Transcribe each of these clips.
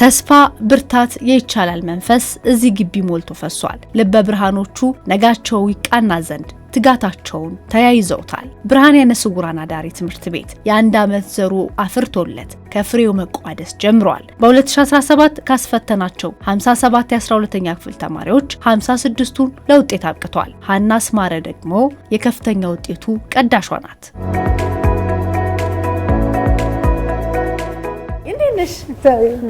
ተስፋ፣ ብርታት፣ የይቻላል መንፈስ እዚህ ግቢ ሞልቶ ፈሷል። ልበ ብርሃኖቹ ነጋቸው ይቃና ዘንድ ትጋታቸውን ተያይዘውታል። ብርሃን አይነ ስውራን አዳሪ ትምህርት ቤት የአንድ ዓመት ዘሩ አፍርቶለት ከፍሬው መቋደስ ጀምሯል። በ2017 ካስፈተናቸው 57 የ12ኛ ክፍል ተማሪዎች 56ቱን ለውጤት አብቅቷል። ሀና ስማረ ደግሞ የከፍተኛ ውጤቱ ቀዳሿ ናት። ነሽ?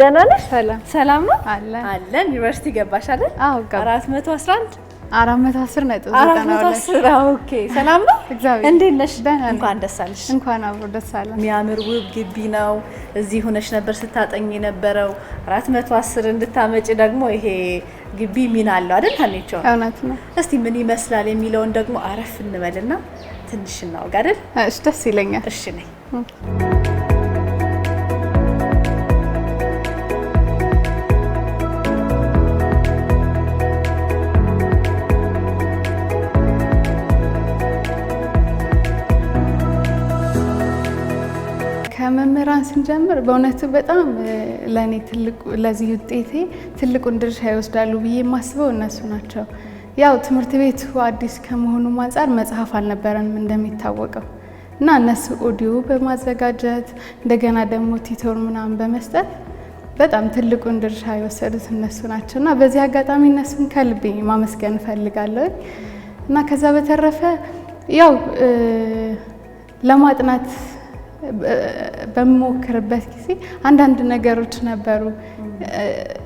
ደህና ነሽ? ሰላም ሰላም ነው አለን አለን። ዩኒቨርሲቲ ገባሽ አይደል? አዎ አራት መቶ አስራ አንድ አራት መቶ አስር ነጥብ ዘጠና ሰላም ነው። እንዴት ነሽ? እንኳን ደስ አለሽ። እንኳን አብሮ ደስ አለ። የሚያምር ውብ ግቢ ነው። እዚህ ሆነሽ ነበር ስታጠኝ የነበረው። አራት መቶ አስር እንድታመጭ ደግሞ ይሄ ግቢ ሚና አለው አይደል? እውነት ነው። እስቲ ምን ይመስላል የሚለውን ደግሞ አረፍ እንበልና ትንሽ እናውጋ አይደል? እሺ፣ ደስ ይለኛል። እሺ ነኝ ስራን ስንጀምር በእውነቱ በጣም ለእኔ ለዚህ ውጤቴ ትልቁን ድርሻ ይወስዳሉ ብዬ የማስበው እነሱ ናቸው። ያው ትምህርት ቤቱ አዲስ ከመሆኑም አንጻር መጽሐፍ አልነበረንም እንደሚታወቀው እና እነሱ ኦዲዮ በማዘጋጀት እንደገና ደግሞ ቲቶር ምናምን በመስጠት በጣም ትልቁን ድርሻ የወሰዱት እነሱ ናቸው እና በዚህ አጋጣሚ እነሱን ከልቤ ማመስገን እፈልጋለሁ። እና ከዛ በተረፈ ያው ለማጥናት በምሞክርበት ጊዜ አንዳንድ ነገሮች ነበሩ።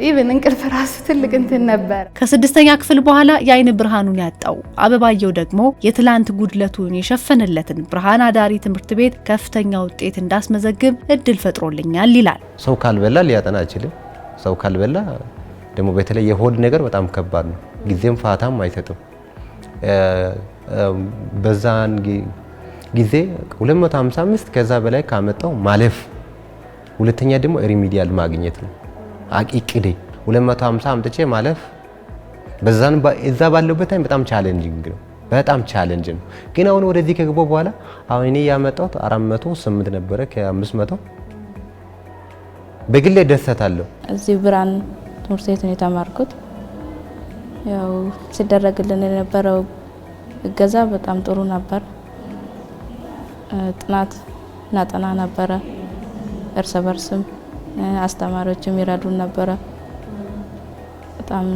ኢቨን እንቅልፍ ራሱ ትልቅ እንትን ነበር። ከስድስተኛ ክፍል በኋላ የአይን ብርሃኑን ያጣው አበባየው ደግሞ የትላንት ጉድለቱን የሸፈነለትን ብርሃን አዳሪ ትምህርት ቤት ከፍተኛ ውጤት እንዳስመዘግብ እድል ፈጥሮልኛል ይላል። ሰው ካልበላ ሊያጠና አይችልም። ሰው ካልበላ ደግሞ በተለይ የሆድ ነገር በጣም ከባድ ነው። ጊዜም ፋታም አይሰጥም በዛን ጊዜ 255 ከዛ በላይ ካመጣው ማለፍ፣ ሁለተኛ ደግሞ ሪሚዲያል ማግኘት ነው። አቂቅዴ 250 አምጥቼ ማለፍ በዛን እዛ ባለበት ታይም በጣም ቻሌንጂንግ ነው። በጣም ቻሌንጅ ነው። ግን አሁን ወደዚህ ከግቦ በኋላ አሁን እኔ ያመጣሁት 408 ነበረ ከ500 በግሌ ደሰታለሁ። እዚህ ብርሃን ትምህርት ቤት ነው የተማርኩት። ያው ሲደረግልን የነበረው እገዛ በጣም ጥሩ ነበር። ጥናት እናጠና ነበረ። እርስ በርስም አስተማሪዎችም ይረዱን ነበረ። በጣም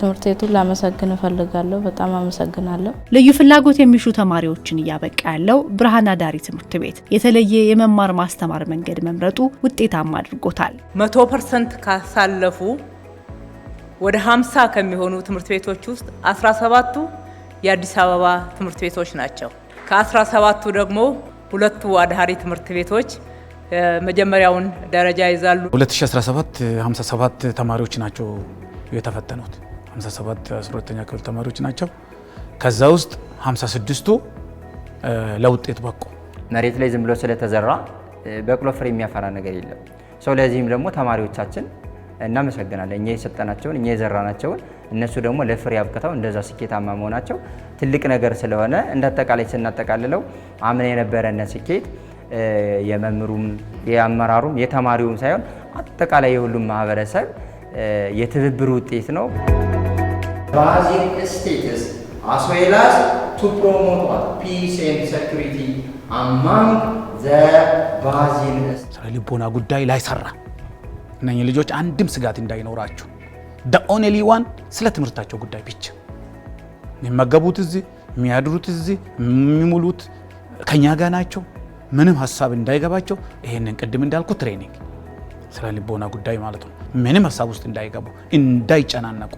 ትምህርት ቤቱን ላመሰግን እፈልጋለሁ። በጣም አመሰግናለሁ። ልዩ ፍላጎት የሚሹ ተማሪዎችን እያበቃ ያለው ብርሃን አዳሪ ትምህርት ቤት የተለየ የመማር ማስተማር መንገድ መምረጡ ውጤታማ አድርጎታል። መቶ ፐርሰንት ካሳለፉ ወደ ሀምሳ ከሚሆኑ ትምህርት ቤቶች ውስጥ አስራ ሰባቱ የአዲስ አበባ ትምህርት ቤቶች ናቸው። ከ17ቱ ደግሞ ሁለቱ አድሃሪ ትምህርት ቤቶች መጀመሪያውን ደረጃ ይዛሉ። 2017 57 ተማሪዎች ናቸው የተፈተኑት። 57 12ኛ ክፍል ተማሪዎች ናቸው። ከዛ ውስጥ 56ቱ ለውጤት በቁ። መሬት ላይ ዝም ብሎ ስለተዘራ በቅሎ ፍሬ የሚያፈራ ነገር የለም። ሰው ለዚህም ደግሞ ተማሪዎቻችን እናመሰግናለን። እኛ የሰጠናቸውን እኛ የዘራናቸውን እነሱ ደግሞ ለፍሬ አብቅተው እንደዛ ስኬታማ መሆናቸው ትልቅ ነገር ስለሆነ እንዳጠቃላይ ስናጠቃልለው አምና የነበረን ስኬት የመምሩም የአመራሩም የተማሪውም ሳይሆን አጠቃላይ የሁሉም ማህበረሰብ የትብብር ውጤት ነው። በአዚን ስቴትስ አስዌላስ ቱ ፕሮሞት ፒስ ኤንድ ሴኩሪቲ አማንግ ዘ ባዚን ስነ ልቦና ጉዳይ ላይ ሰራ። እነኚህ ልጆች አንድም ስጋት እንዳይኖራችሁ ኦንሊ ዋን ስለ ትምህርታቸው ጉዳይ ብቻ የሚመገቡት እዚህ የሚያድሩት እዚህ የሚሙሉት ከኛ ጋር ናቸው። ምንም ሀሳብ እንዳይገባቸው ይህንን ቅድም እንዳልኩ ትሬኒንግ ስለ ልቦና ጉዳይ ማለት ነው። ምንም ሀሳብ ውስጥ እንዳይገቡ እንዳይጨናነቁ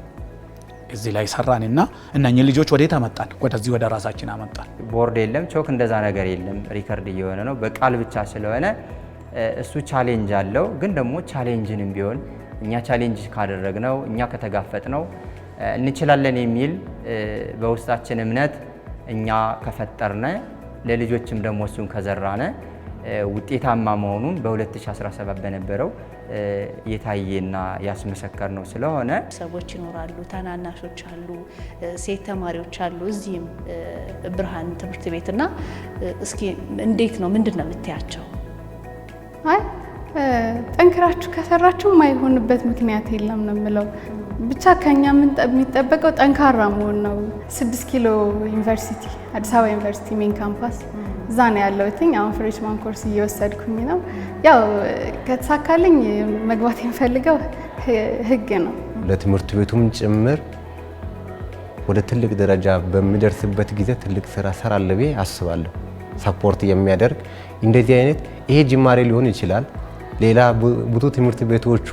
እዚህ ላይ ሰራንና እነኚህ ልጆች ወዴት አመጣን? ወደዚህ ወደ ራሳችን አመጣን። ቦርድ የለም ቾክ፣ እንደዛ ነገር የለም። ሪከርድ እየሆነ ነው በቃል ብቻ ስለሆነ እሱ ቻሌንጅ አለው። ግን ደግሞ ቻሌንጅንም ቢሆን እኛ ቻሌንጅ ካደረግነው እኛ ከተጋፈጥነው እንችላለን የሚል በውስጣችን እምነት እኛ ከፈጠርነ ለልጆችም ደግሞ እሱን ከዘራነ ውጤታማ መሆኑን በ2017 በነበረው የታየና ያስመሰከር ነው። ስለሆነ ሰዎች ይኖራሉ፣ ታናናሾች አሉ፣ ሴት ተማሪዎች አሉ። እዚህም ብርሃን ትምህርት ቤትና እስኪ እንዴት ነው ምንድን ነው የምታያቸው? አይ ጠንክራችሁ ከሰራችሁ የማይሆንበት ምክንያት የለም ነው የምለው። ብቻ ከኛ የሚጠበቀው ጠንካራ መሆን ነው። ስድስት ኪሎ ዩኒቨርሲቲ አዲስ አበባ ዩኒቨርሲቲ ሜን ካምፓስ እዛ ነው ያለሁት። አሁን ፍሬሽማን ኮርስ እየወሰድኩኝ ነው። ያው ከተሳካልኝ መግባት የምፈልገው ህግ ነው። ለትምህርት ቤቱም ጭምር ወደ ትልቅ ደረጃ በሚደርስበት ጊዜ ትልቅ ስራ ሰራለሁ ብዬ አስባለሁ። ሰፖርት የሚያደርግ እንደዚህ አይነት ይሄ ጅማሬ ሊሆን ይችላል። ሌላ ብዙ ትምህርት ቤቶቹ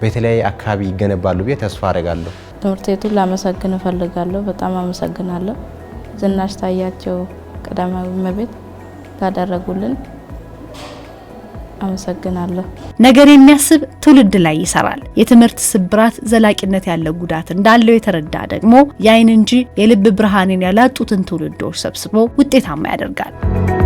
በተለያየ አካባቢ ይገነባሉ ብዬ ተስፋ አደርጋለሁ። ትምህርት ቤቱን ላመሰግን እፈልጋለሁ። በጣም አመሰግናለሁ። ዝናሽ ታያቸው ቀዳማዊ እመቤት ላደረጉልን አመሰግናለሁ። ነገር የሚያስብ ትውልድ ላይ ይሰራል። የትምህርት ስብራት ዘላቂነት ያለው ጉዳት እንዳለው የተረዳ ደግሞ የአይን እንጂ የልብ ብርሃንን ያላጡትን ትውልዶች ሰብስቦ ውጤታማ ያደርጋል።